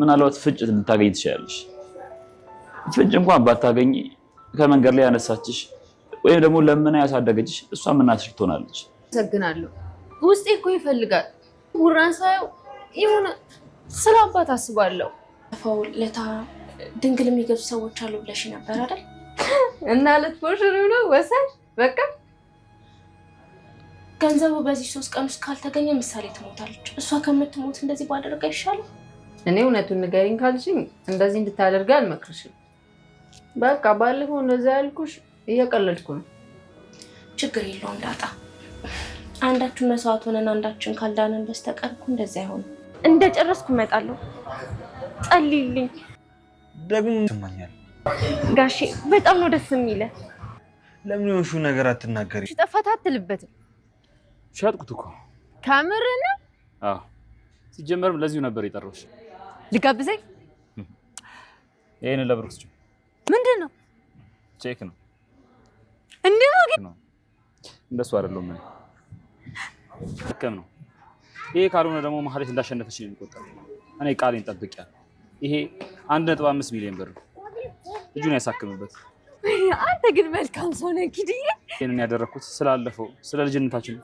ምናልባት ፍጭት ልታገኝ ትችላለች። ፍጭ እንኳን ባታገኝ ከመንገድ ላይ ያነሳችሽ ወይም ደግሞ ለምን ያሳደገችሽ እሷም እናትሽ ትሆናለች። አመሰግናለሁ። ውስጤ እኮ ይፈልጋል ጉራን ሳየው የሆነ ስለ አባት አስባለሁ። ፈው ለታ ድንግል የሚገዙ ሰዎች አሉ ብለሽ ነበር አይደል? እና ልትፖሽኑ ነው ወሰን በቃ ገንዘቡ በዚህ ሶስት ቀን ውስጥ ካልተገኘ ምሳሌ ትሞታለች። እሷ ከምትሞት እንደዚህ ባደረገ ይሻላል። እኔ እውነቱን ንገሪኝ ካልሽኝ እንደዚህ እንድታደርገ አልመክርሽም። በቃ ባለፈው እንደዛ ያልኩሽ እየቀለድኩ ነው። ችግር የለውም ዳጣ፣ አንዳችን መስዋዕት ሆነን አንዳችን ካልዳንን በስተቀርኩ እንደዚ አይሆንም። እንደ ጨረስኩ እመጣለሁ። ጸልይልኝ። ደግሞ ይሰማኛል ጋሼ፣ በጣም ነው ደስ የሚለ። ለምን የሆንሹ ነገር አትናገሪ? ጠፋት አትልበትም። ሸጥኩት እኮ ሲጀመርም ለዚሁ ነበር የጠራሁሽ። ልጋብዘኝ? ይሄንን ለብሩክስ ጭ ምንድን ነው? ቼክ ነው። እንዴት ነው ግን? እንደሱ አይደለም ነው ጥቅም ነው። ይሄ ካልሆነ ደግሞ ማህሌት እንዳሸነፈች ነው የሚቆጠረው። እኔ ቃሌን ጠብቂያለሁ። ይሄ አንድ ነጥብ አምስት ሚሊዮን ብር ልጁን ያሳክምበት። አንተ ግን መልካም ሰው ነህ ኪድዬ። ይሄንን ያደረኩት ስላለፈው ስለ ልጅነታችን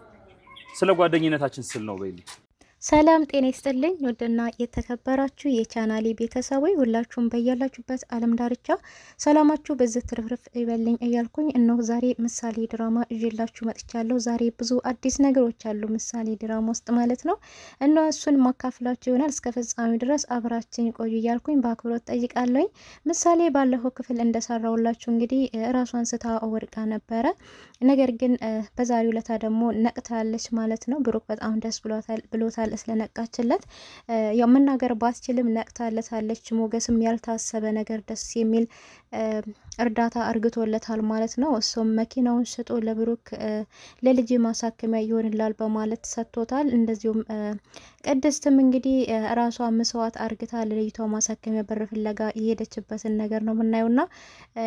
ስለ ጓደኝነታችን ስል ነው በይልኝ ሰላም ጤና ይስጥልኝ። ውድና የተከበራችሁ የቻናሌ ቤተሰቦች ሁላችሁም በያላችሁበት ዓለም ዳርቻ ሰላማችሁ በዚህ ትርፍርፍ ይበልኝ እያልኩኝ እነሆ ዛሬ ምሳሌ ድራማ እዤላችሁ መጥቻለሁ። ዛሬ ብዙ አዲስ ነገሮች አሉ ምሳሌ ድራማ ውስጥ ማለት ነው እነሆ እሱን ማካፍላችሁ ይሆናል። እስከ ፍጻሜው ድረስ አብራችን ቆዩ እያልኩኝ በአክብሮት ጠይቃለኝ። ምሳሌ ባለፈው ክፍል እንደሰራውላችሁ እንግዲህ ራሷን ስታ ወድቃ ነበረ። ነገር ግን በዛሬው ውለታ ደግሞ ነቅታለች ማለት ነው። ብሩክ በጣም ደስ ብሎታል በቃል ስለነቃችለት ያው መናገር ባስችልም ነቅታለታለች። ሞገስም ያልታሰበ ነገር ደስ የሚል እርዳታ አርግቶለታል ማለት ነው። እሱም መኪናውን ሽጦ ለብሩክ ለልጅ ማሳከሚያ ይሆንላል በማለት ሰጥቶታል። እንደዚሁም ቅድስትም እንግዲህ ራሷ መስዋዕት አርግታ ለልጅቷ ማሳከሚያ በር ፍለጋ የሄደችበትን ነገር ነው የምናየውና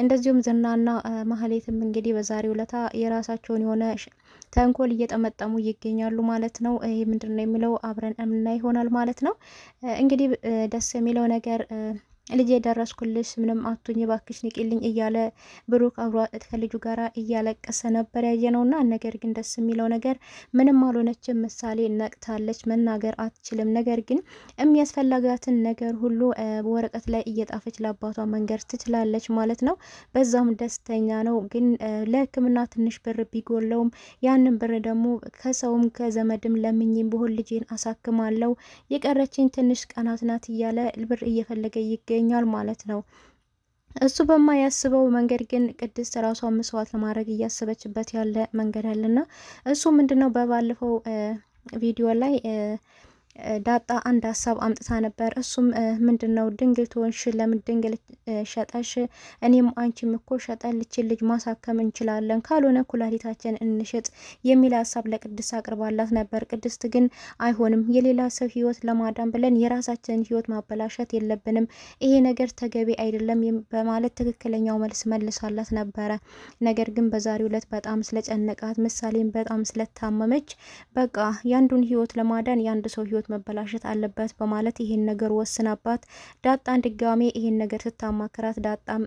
እንደዚሁም ዝናና ማህሌትም እንግዲህ በዛሬው ዕለት የራሳቸውን የሆነ ተንኮል እየጠመጠሙ ይገኛሉ ማለት ነው። ይሄ ምንድን ነው የሚለው አብረን እምና ይሆናል ማለት ነው። እንግዲህ ደስ የሚለው ነገር ልጅ የደረስኩልሽ ምንም አቱኝ ባክሽ ንቂልኝ እያለ ብሩክ አብሯት ከልጁ ጋራ እያለቀሰ ነበር ያየ ነውና። ነገር ግን ደስ የሚለው ነገር ምንም አልሆነችም። ምሳሌ ነቅታለች፣ መናገር አትችልም። ነገር ግን የሚያስፈልጋትን ነገር ሁሉ ወረቀት ላይ እየጣፈች ለአባቷ መንገድ ትችላለች ማለት ነው። በዛም ደስተኛ ነው። ግን ለሕክምና ትንሽ ብር ቢጎለውም ያንን ብር ደግሞ ከሰውም ከዘመድም ለምኝም ብሆን ልጄን አሳክማለው የቀረችኝ ትንሽ ቀናት ናት እያለ ብር እየፈለገ ይገ ይገኛል ማለት ነው። እሱ በማያስበው መንገድ ግን ቅድስት ራሷን መስዋዕት ለማድረግ እያሰበችበት ያለ መንገድ አለና እሱ ምንድነው በባለፈው ቪዲዮ ላይ ዳጣ አንድ ሀሳብ አምጥታ ነበር። እሱም ምንድን ነው ድንግል ትሆንሽ ለምን ድንግል ሸጠሽ? እኔም አንቺም እኮ ሸጠን ልችን ልጅ ማሳከም እንችላለን፣ ካልሆነ ኩላሊታችን እንሽጥ የሚል ሀሳብ ለቅድስት አቅርባላት ነበር። ቅድስት ግን አይሆንም፣ የሌላ ሰው ህይወት ለማዳን ብለን የራሳችንን ህይወት ማበላሸት የለብንም፣ ይሄ ነገር ተገቢ አይደለም በማለት ትክክለኛው መልስ መልሳላት ነበረ። ነገር ግን በዛሬው ዕለት በጣም ስለጨነቃት ምሳሌም በጣም ስለታመመች በቃ ያንዱን ህይወት ለማዳን የአንድ ሰው ሕይወት ህይወት መበላሸት አለበት በማለት ይህን ነገር ወስናባት ዳጣን ድጋሜ ይህን ነገር ስታማክራት ዳጣም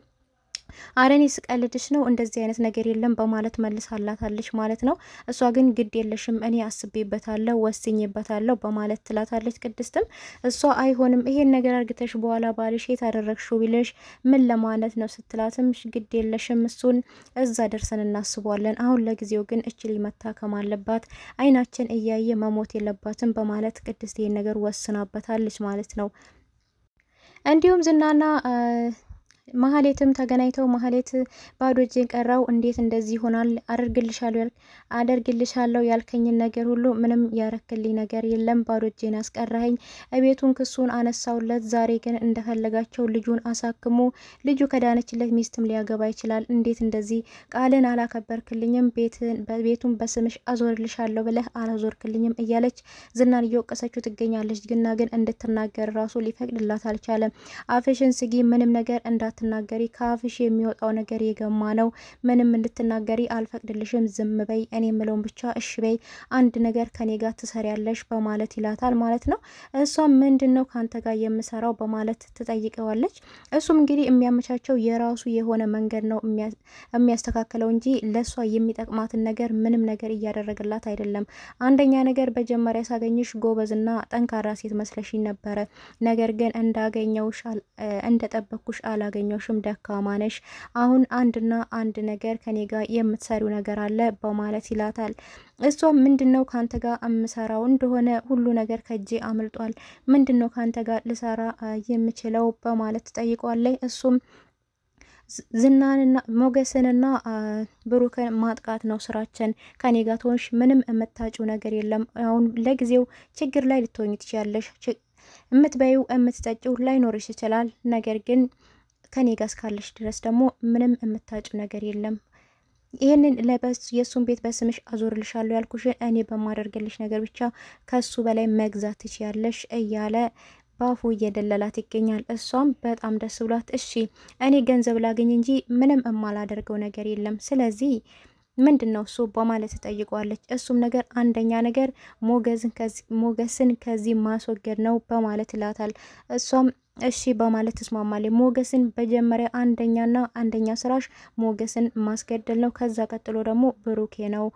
አረኔ ስቀልድሽ ነው እንደዚህ አይነት ነገር የለም በማለት መልሳላታለች ማለት ነው። እሷ ግን ግድ የለሽም እኔ አስቤበታለሁ ወስኝበታለሁ በማለት ትላታለች። ቅድስትም እሷ አይሆንም ይሄን ነገር አርግተሽ በኋላ ባልሽ የት አደረግሽው ቢልሽ ምን ለማለት ነው ስትላትም ግድ የለሽም እሱን እዛ ደርሰን እናስቧለን። አሁን ለጊዜው ግን እችል መታከም አለባት አይናችን እያየ መሞት የለባትም በማለት ቅድስት ይሄን ነገር ወስናበታለች ማለት ነው። እንዲሁም ዝናና ማህሌትም ተገናኝተው ማህሌት ባዶ እጄን ቀራው እንዴት እንደዚህ ይሆናል? አደርግልሻለሁ አደርግልሻለሁ ያልከኝን ነገር ሁሉ ምንም ያረክልኝ ነገር የለም ባዶ እጄን አስቀራኸኝ። እቤቱን ክሱን አነሳውለት። ዛሬ ግን እንደፈለጋቸው ልጁን አሳክሙ ልጁ ከዳነችለት ሚስትም ሊያገባ ይችላል። እንዴት እንደዚህ ቃልን አላከበርክልኝም፣ ቤቱን በስምሽ አዞርልሻለሁ ብለህ አላዞርክልኝም እያለች ዝናን እየወቀሰችው ትገኛለች። ግና ግን እንድትናገር ራሱ ሊፈቅድላት አልቻለም። አፍሽን ስጊ ምንም ነገር እንዳ እንዳትናገሪ ከአፍሽ የሚወጣው ነገር የገማ ነው። ምንም እንድትናገሪ አልፈቅድልሽም። ዝም በይ፣ እኔ የምለውን ብቻ እሽ በይ። አንድ ነገር ከኔ ጋር ትሰሪያለሽ በማለት ይላታል ማለት ነው። እሷም ምንድን ነው ከአንተ ጋር የምሰራው በማለት ትጠይቀዋለች። እሱም እንግዲህ የሚያመቻቸው የራሱ የሆነ መንገድ ነው የሚያስተካክለው እንጂ ለእሷ የሚጠቅማትን ነገር ምንም ነገር እያደረገላት አይደለም። አንደኛ ነገር በጀመሪያ ሳገኝሽ ጎበዝና ጠንካራ ሴት መስለሽኝ ነበረ። ነገር ግን እንዳገኘውሽ እንደጠበኩሽ አላገኘ አልተመቸኞሽም፣ ደካማ ነሽ። አሁን አንድና አንድ ነገር ከኔ ጋር የምትሰሪው ነገር አለ በማለት ይላታል። እሷም ምንድን ነው ከአንተ ጋር የምሰራው እንደሆነ ሁሉ ነገር ከእጄ አምልጧል። ምንድን ነው ከአንተ ጋር ልሰራ የምችለው በማለት ትጠይቋለች። እሱም ዝናንና ሞገስንና ብሩክን ማጥቃት ነው ስራችን። ከኔ ጋር ትሆንሽ ምንም የምታጭው ነገር የለም። አሁን ለጊዜው ችግር ላይ ልትሆኝ ትችያለሽ። የምትበይው የምትጠጪው ላይኖርሽ ይችላል። ነገር ግን ከኔ ጋር እስካለሽ ድረስ ደግሞ ምንም የምታጭው ነገር የለም። ይህንን የእሱን ቤት በስምሽ አዞርልሻለሁ ያልኩሽ እኔ በማደርግልሽ ነገር ብቻ ከሱ በላይ መግዛት ትችያለሽ እያለ ባፉ እየደለላት ይገኛል። እሷም በጣም ደስ ብሏት እሺ እኔ ገንዘብ ላገኝ እንጂ ምንም የማላደርገው ነገር የለም ስለዚህ ምንድን ነው እሱ በማለት ትጠይቀዋለች። እሱም ነገር አንደኛ ነገር ሞገስን ከዚህ ማስወገድ ነው በማለት ይላታል። እሷም እሺ በማለት ተስማማለች። ሞገስን አንደኛ አንደኛና አንደኛ ስራሽ ሞገስን ማስገደል ነው፣ ከዛ ቀጥሎ ደግሞ ብሩኬ ነው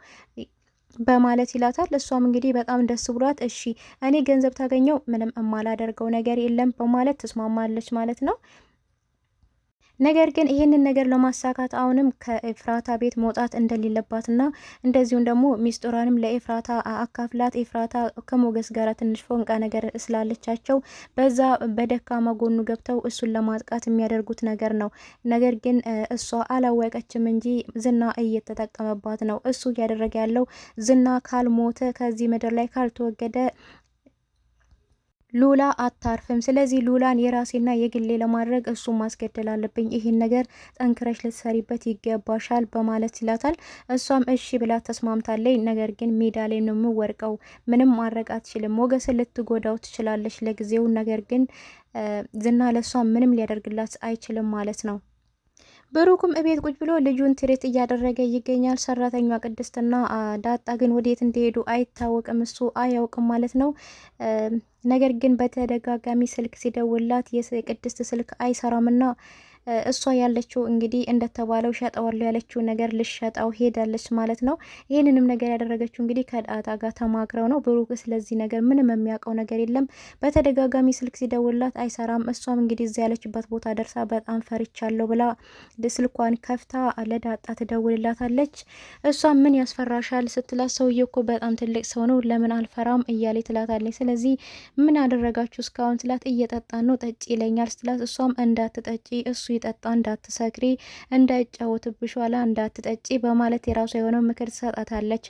በማለት ይላታል። እሷም እንግዲህ በጣም ደስ ብሏት እሺ እኔ ገንዘብ ታገኘው ምንም የማላደርገው ነገር የለም በማለት ተስማማለች ማለት ነው። ነገር ግን ይህንን ነገር ለማሳካት አሁንም ከኤፍራታ ቤት መውጣት እንደሌለባትና እንደዚሁም ደግሞ ሚስጥሯንም ለኤፍራታ አካፍላት ኤፍራታ ከሞገስ ጋር ትንሽ ፎንቃ ነገር ስላለቻቸው በዛ በደካማ ጎኑ ገብተው እሱን ለማጥቃት የሚያደርጉት ነገር ነው። ነገር ግን እሷ አላወቀችም እንጂ ዝና እየተጠቀመባት ነው። እሱ እያደረገ ያለው ዝና ካልሞተ ከዚህ ምድር ላይ ካልተወገደ ሉላ አታርፍም። ስለዚህ ሉላን የራሴና የግሌ ለማድረግ እሱ ማስገደል አለብኝ፣ ይህን ነገር ጠንክረሽ ልትሰሪበት ይገባሻል በማለት ይላታል። እሷም እሺ ብላ ተስማምታለች። ነገር ግን ሜዳ ላይ ነው የምወርቀው፣ ምንም ማድረግ አትችልም። ሞገስን ልትጎዳው ትችላለች ለጊዜው፣ ነገር ግን ዝና ለእሷ ምንም ሊያደርግላት አይችልም ማለት ነው። ብሩክም እቤት ቁጭ ብሎ ልጁን ትሬት እያደረገ ይገኛል። ሰራተኛ ቅድስትና ዳጣ ግን ወዴት እንደሄዱ አይታወቅም፣ እሱ አያውቅም ማለት ነው። ነገር ግን በተደጋጋሚ ስልክ ሲደውላት የቅድስት ስልክ አይሰራምና እሷ ያለችው እንግዲህ እንደተባለው ሸጠዋለሁ ያለችው ነገር ልሸጣው ሄዳለች ማለት ነው። ይህንንም ነገር ያደረገችው እንግዲህ ከዳታ ጋር ተማክረው ነው። ብሩክ ስለዚህ ነገር ምንም የሚያውቀው ነገር የለም። በተደጋጋሚ ስልክ ሲደውላት አይሰራም። እሷም እንግዲህ እዚያ ያለችበት ቦታ ደርሳ በጣም ፈርቻለሁ ብላ ስልኳን ከፍታ ለዳጣ ትደውልላታለች። እሷም ምን ያስፈራሻል ስትላት ሰው እኮ በጣም ትልቅ ሰው ነው ለምን አልፈራም እያለ ትላታለች። ስለዚህ ምን አደረጋችሁ እስካሁን ስላት እየጠጣን ነው ጠጪ ይለኛል ስትላት እሷም እንዳትጠጪ እሱ የጠጣ እንዳትሰክሪ፣ እንዳይጫወትብሽ፣ ኋላ እንዳትጠጪ በማለት የራሷ የሆነው ምክር ትሰጣታለች።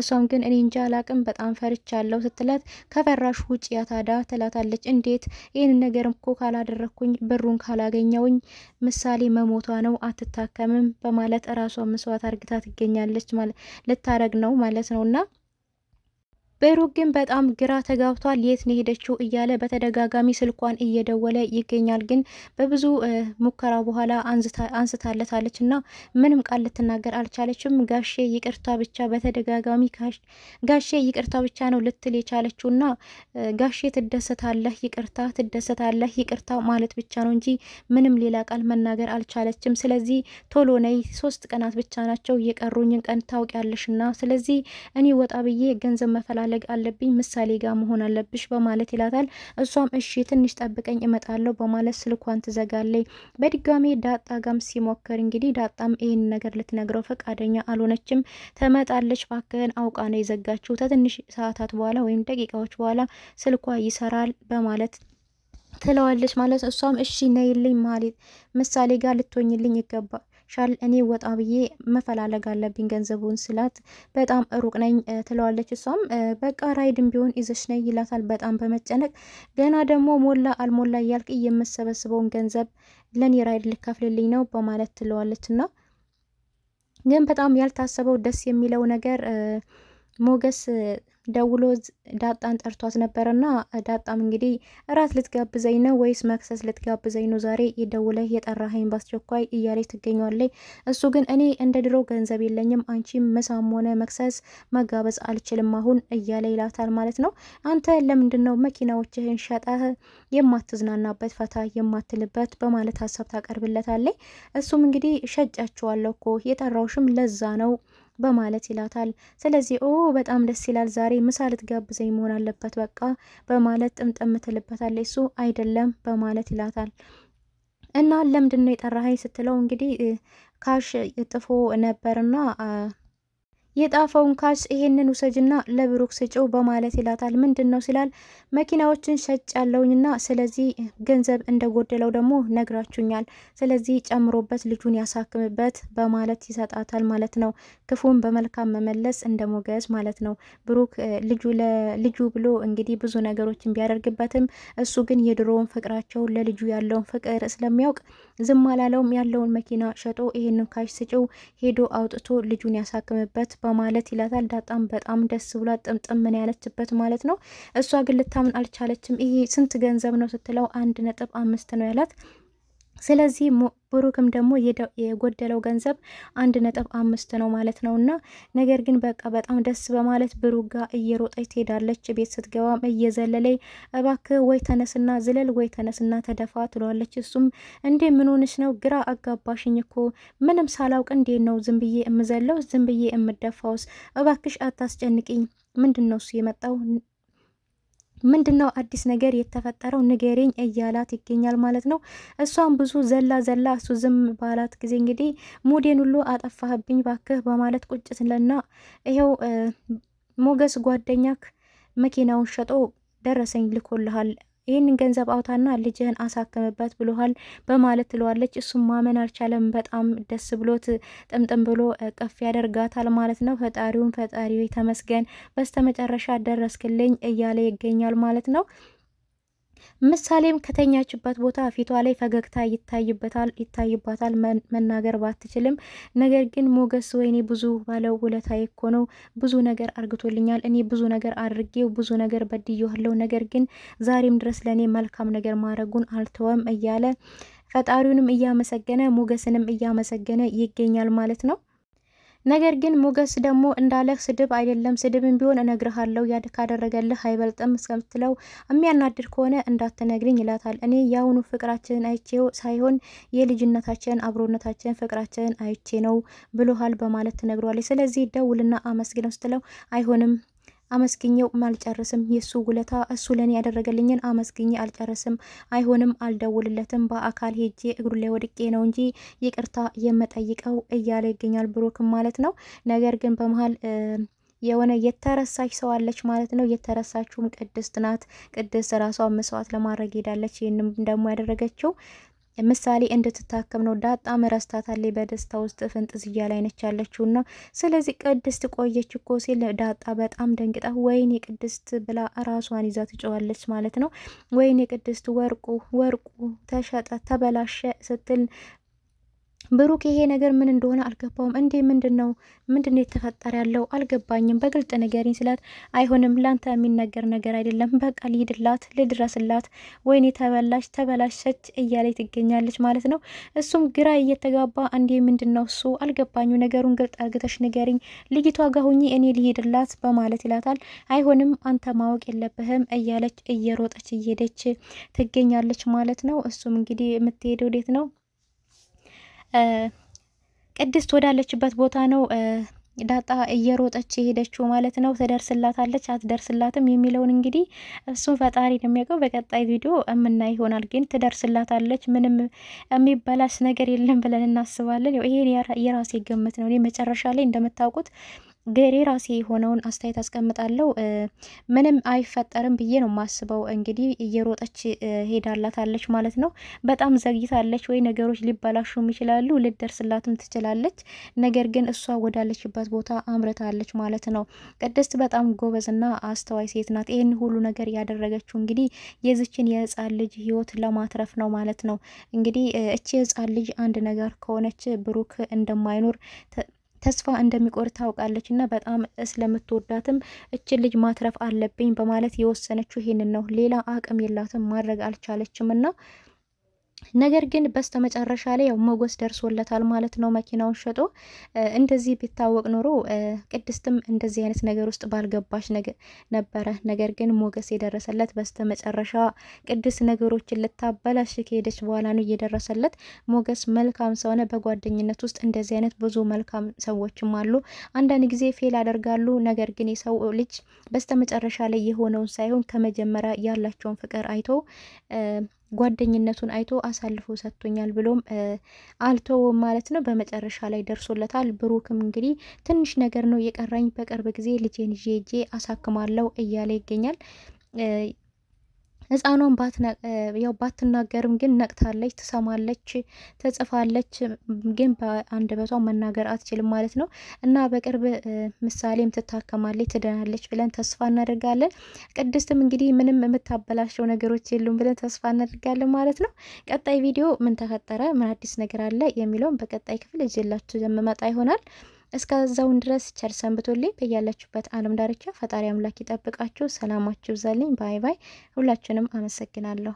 እሷም ግን እኔ እንጃ አላቅም በጣም ፈርቻለሁ ስትላት ከፈራሽ ውጭ ያታዳ ትላታለች። እንዴት ይህንን ነገር እኮ ካላደረግኩኝ ብሩን ካላገኘውኝ ምሳሌ መሞቷ ነው አትታከምም በማለት ራሷ መስዋዕት አርግታ ትገኛለች። ልታረግ ነው ማለት ነውና ብሩክ ግን በጣም ግራ ተጋብቷል። የት ነው ሄደችው እያለ በተደጋጋሚ ስልኳን እየደወለ ይገኛል። ግን በብዙ ሙከራ በኋላ አንስታለታለች እና ምንም ቃል ልትናገር አልቻለችም። ጋሼ ይቅርታ ብቻ በተደጋጋሚ ጋሼ ይቅርታ ብቻ ነው ልትል የቻለችው እና ጋሼ ትደሰታለህ፣ ይቅርታ፣ ትደሰታለህ፣ ይቅርታ ማለት ብቻ ነው እንጂ ምንም ሌላ ቃል መናገር አልቻለችም። ስለዚህ ቶሎ ነይ፣ ሶስት ቀናት ብቻ ናቸው የቀሩኝን ቀን ታውቂያለሽ እና ስለዚህ እኔ ወጣ ብዬ ገንዘብ መፈላ መፈላለግ አለብኝ፣ ምሳሌ ጋር መሆን አለብሽ በማለት ይላታል። እሷም እሺ ትንሽ ጠብቀኝ እመጣለሁ በማለት ስልኳን ትዘጋለይ። በድጋሜ ዳጣ ጋም ሲሞክር እንግዲህ ዳጣም ይህን ነገር ልትነግረው ፈቃደኛ አልሆነችም። ትመጣለች ባክህን አውቃ ነው የዘጋችው። ከትንሽ ሰዓታት በኋላ ወይም ደቂቃዎች በኋላ ስልኳ ይሰራል በማለት ትለዋለች ማለት እሷም እሺ ነይልኝ ማለት ምሳሌ ጋር ልትሆኝልኝ ይገባል ሻል እኔ ወጣ ብዬ መፈላለግ አለብኝ ገንዘቡን ስላት በጣም ሩቅ ነኝ ትለዋለች። እሷም በቃ ራይድን ቢሆን ይዘሽ ነይ ይላታል። በጣም በመጨነቅ ገና ደግሞ ሞላ አልሞላ እያልቅ የምሰበስበውን ገንዘብ ለኔ ራይድ ልከፍልልኝ ነው በማለት ትለዋለች። እና ግን በጣም ያልታሰበው ደስ የሚለው ነገር ሞገስ ደውሎ ዳጣን ጠርቷት ነበረና ዳጣም እንግዲህ እራት ልትጋብዘኝ ነው ወይስ መክሰስ ልትጋብዘኝ ነው ዛሬ የደውለህ የጠራኸኝ በአስቸኳይ እያለች ትገኛለች። እሱ ግን እኔ እንደ ድሮ ገንዘብ የለኝም፣ አንቺ ምሳም ሆነ መክሰስ መጋበዝ አልችልም አሁን እያለ ይላታል ማለት ነው። አንተ ለምንድን ነው መኪናዎችህን ሸጠህ የማትዝናናበት ፈታ የማትልበት በማለት ሀሳብ ታቀርብለታለች። እሱም እንግዲህ ሸጫችኋለሁ እኮ የጠራውሽም ለዛ ነው በማለት ይላታል። ስለዚህ ኦ በጣም ደስ ይላል፣ ዛሬ ምሳ ልትጋብዘኝ መሆን አለበት በቃ በማለት ጥምጥም ትልበታለች። እሱ አይደለም በማለት ይላታል። እና ለምንድን ነው የጠራኸኝ ስትለው እንግዲህ ካሽ ጥፎ ነበርና የጣፈውን ካሽ ይሄንን ውሰጅና ለብሩክ ስጭው በማለት ይላታል። ምንድን ነው ሲላል መኪናዎችን ሸጭ ያለውኝና ስለዚህ ገንዘብ እንደጎደለው ደግሞ ነግራችሁኛል። ስለዚህ ጨምሮበት ልጁን ያሳክምበት በማለት ይሰጣታል ማለት ነው። ክፉን በመልካም መመለስ እንደ ሞገስ ማለት ነው። ብሩክ ልጁ ብሎ እንግዲህ ብዙ ነገሮችን ቢያደርግበትም እሱ ግን የድሮውን ፍቅራቸውን ለልጁ ያለውን ፍቅር ስለሚያውቅ ዝም አላለውም። ያለውን መኪና ሸጦ ይሄንን ካሽ ስጭው ሄዶ አውጥቶ ልጁን ያሳክምበት በማለት ይላታል። ዳጣም በጣም ደስ ብሏት ጥምጥም ምን ያለችበት ማለት ነው። እሷ ግን ልታምን አልቻለችም። ይሄ ስንት ገንዘብ ነው ስትለው አንድ ነጥብ አምስት ነው ያላት። ስለዚህ ብሩክም ደግሞ የጎደለው ገንዘብ አንድ ነጥብ አምስት ነው ማለት ነው። እና ነገር ግን በቃ በጣም ደስ በማለት ብሩክ ጋር እየሮጠች ትሄዳለች። ቤት ስትገባም እየዘለለይ እባክ ወይ ተነስና ዝለል፣ ወይ ተነስና ተደፋ ትሏለች። እሱም እንዴ ምን ሆንሽ ነው? ግራ አጋባሽኝ እኮ ምንም ሳላውቅ እንዴት ነው ዝም ብዬ የምዘለው ዝም ብዬ የምደፋውስ? እባክሽ አታስጨንቅኝ። ምንድን ነው እሱ የመጣው ምንድን ነው አዲስ ነገር የተፈጠረው ንገሬኝ እያላት ይገኛል ማለት ነው። እሷም ብዙ ዘላ ዘላ እሱ ዝም ባላት ጊዜ እንግዲህ ሙዴን ሁሉ አጠፋህብኝ ባክህ በማለት ቁጭት ለና ይኸው ሞገስ ጓደኛክ መኪናውን ሸጦ ደረሰኝ ልኮልሃል ይህንን ገንዘብ አውታና ልጅህን አሳክምበት ብሎሃል በማለት ትለዋለች። እሱም ማመን አልቻለም። በጣም ደስ ብሎት ጥምጥም ብሎ ቀፍ ያደርጋታል ማለት ነው። ፈጣሪውን ፈጣሪ ተመስገን በስተመጨረሻ ደረስክልኝ እያለ ይገኛል ማለት ነው። ምሳሌም ከተኛችበት ቦታ ፊቷ ላይ ፈገግታ ይታይባታል መናገር ባትችልም፣ ነገር ግን ሞገስ ወይኔ ብዙ ባለው ውለታዬ እኮ ነው፣ ብዙ ነገር አርግቶልኛል፣ እኔ ብዙ ነገር አድርጌው ብዙ ነገር በድየኋለው። ነገር ግን ዛሬም ድረስ ለእኔ መልካም ነገር ማድረጉን አልተወም እያለ ፈጣሪውንም እያመሰገነ ሞገስንም እያመሰገነ ይገኛል ማለት ነው። ነገር ግን ሞገስ ደግሞ እንዳለህ ስድብ አይደለም ስድብም ቢሆን እነግርሃለሁ ያድ ካደረገልህ አይበልጥም እስከምትለው የሚያናድድ ከሆነ እንዳትነግርኝ ይላታል። እኔ የአሁኑ ፍቅራችንን አይቼው ሳይሆን የልጅነታችን አብሮነታችን ፍቅራችንን አይቼ ነው ብሎሃል በማለት ትነግሯለች። ስለዚህ ደውልና አመስግነው ስትለው አይሆንም አመስግኘው አልጨርስም። የእሱ ውለታ እሱ ለእኔ ያደረገልኝን አመስግኘ አልጨርስም። አይሆንም፣ አልደውልለትም። በአካል ሄጄ እግሩ ላይ ወድቄ ነው እንጂ ይቅርታ የምጠይቀው እያለ ይገኛል ብሩክም ማለት ነው። ነገር ግን በመሀል የሆነ የተረሳች ሰው አለች ማለት ነው። የተረሳችውም ቅድስት ናት። ቅድስት ራሷ መስዋዕት ለማድረግ ሄዳለች። ይህንም ደግሞ ያደረገችው ምሳሌ እንድትታከም ነው። ዳጣም ረስታታለች። በደስታ ውስጥ ፍንጥዝያ ላይ ነች ያለችው እና ስለዚህ ቅድስት ቆየች እኮ ሲል ዳጣ በጣም ደንግጣ ወይኔ ቅድስት ብላ ራሷን ይዛ ትጨዋለች ማለት ነው። ወይኔ ቅድስት ወርቁ ወርቁ ተሸጠ ተበላሸ ስትል ብሩክ ይሄ ነገር ምን እንደሆነ አልገባውም። እንዴ ምንድን ነው ምንድን ነው የተፈጠረ ያለው አልገባኝም፣ በግልጥ ንገሪኝ ስላት አይሆንም፣ ላንተ የሚነገር ነገር አይደለም፣ በቃ ልሂድላት፣ ልድረስላት፣ ወይኔ ተበላሽ ተበላሸች እያለች ትገኛለች ማለት ነው። እሱም ግራ እየተጋባ እንዴ ምንድን ነው እሱ አልገባኝም፣ ነገሩን ግልጥ አርግተሽ ንገሪኝ፣ ልጅቷ ጋር ሁኚ እኔ ልሂድላት በማለት ይላታል። አይሆንም፣ አንተ ማወቅ የለብህም እያለች እየሮጠች እየሄደች ትገኛለች ማለት ነው። እሱም እንግዲህ የምትሄደው ወዴት ነው ቅድስት ወዳለችበት ቦታ ነው ዳጣ እየሮጠች የሄደችው ማለት ነው። ትደርስላታለች አትደርስላትም የሚለውን እንግዲህ እሱም ፈጣሪ ነው የሚያውቀው። በቀጣይ ቪዲዮ የምናይ ይሆናል። ግን ትደርስላታለች፣ ምንም የሚበላሽ ነገር የለም ብለን እናስባለን። ይሄን የራሴ ግምት ነው። እኔ መጨረሻ ላይ እንደምታውቁት ገሬ ራሴ የሆነውን አስተያየት አስቀምጣለሁ። ምንም አይፈጠርም ብዬ ነው የማስበው። እንግዲህ እየሮጠች ሄዳላታለች ማለት ነው። በጣም ዘግይታለች ወይ ነገሮች ሊበላሹም ይችላሉ፣ ልደርስላትም ትችላለች። ነገር ግን እሷ ወዳለችበት ቦታ አምርታለች ማለት ነው። ቅድስት በጣም ጎበዝና አስተዋይ ሴት ናት። ይህን ሁሉ ነገር ያደረገችው እንግዲህ የዚችን የህፃን ልጅ ህይወት ለማትረፍ ነው ማለት ነው። እንግዲህ እቺ ህፃን ልጅ አንድ ነገር ከሆነች ብሩክ እንደማይኖር ተስፋ እንደሚቆርጥ ታውቃለች እና በጣም ስለምትወዳትም እችን ልጅ ማትረፍ አለብኝ በማለት የወሰነችው ይሄንን ነው። ሌላ አቅም የላትም፣ ማድረግ አልቻለችም እና ነገር ግን በስተ መጨረሻ ላይ ያው ሞገስ ደርሶለታል ማለት ነው። መኪናውን ሸጦ እንደዚህ ቢታወቅ ኖሮ ቅድስትም እንደዚህ አይነት ነገር ውስጥ ባልገባች ነበረ። ነገር ግን ሞገስ የደረሰለት በስተ መጨረሻ ቅድስት ነገሮችን ልታበላሽ ከሄደች በኋላ ነው እየደረሰለት። ሞገስ መልካም ሰው ነው። በጓደኝነት ውስጥ እንደዚህ አይነት ብዙ መልካም ሰዎችም አሉ። አንዳንድ ጊዜ ፌል ያደርጋሉ። ነገር ግን የሰው ልጅ በስተ መጨረሻ ላይ የሆነውን ሳይሆን ከመጀመሪያ ያላቸውን ፍቅር አይቶ ጓደኝነቱን አይቶ አሳልፎ ሰጥቶኛል ብሎም አልተወም ማለት ነው። በመጨረሻ ላይ ደርሶለታል። ብሩክም እንግዲህ ትንሽ ነገር ነው የቀራኝ፣ በቅርብ ጊዜ ልጄን ይዤ አሳክማለሁ እያለ ይገኛል። ህፃኗን ያው ባትናገርም ግን ነቅታለች፣ ትሰማለች፣ ትጽፋለች። ግን በአንድ በቷ መናገር አትችልም ማለት ነው እና በቅርብ ምሳሌም ትታከማለች፣ ትደናለች ብለን ተስፋ እናደርጋለን። ቅድስትም እንግዲህ ምንም የምታበላሸው ነገሮች የሉም ብለን ተስፋ እናደርጋለን ማለት ነው። ቀጣይ ቪዲዮ ምን ተፈጠረ፣ ምን አዲስ ነገር አለ የሚለውን በቀጣይ ክፍል እጅላችሁ የምመጣ ይሆናል። እስከዛውን ድረስ ቸር ሰንብቶልኝ በያላችሁበት አለም ዳርቻ ፈጣሪ አምላክ ይጠብቃችሁ። ሰላማችሁ ይብዛልኝ። ባይ ባይ። ሁላችሁንም አመሰግናለሁ።